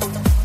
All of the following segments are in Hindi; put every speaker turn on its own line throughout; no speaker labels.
Thank you.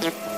Thank you.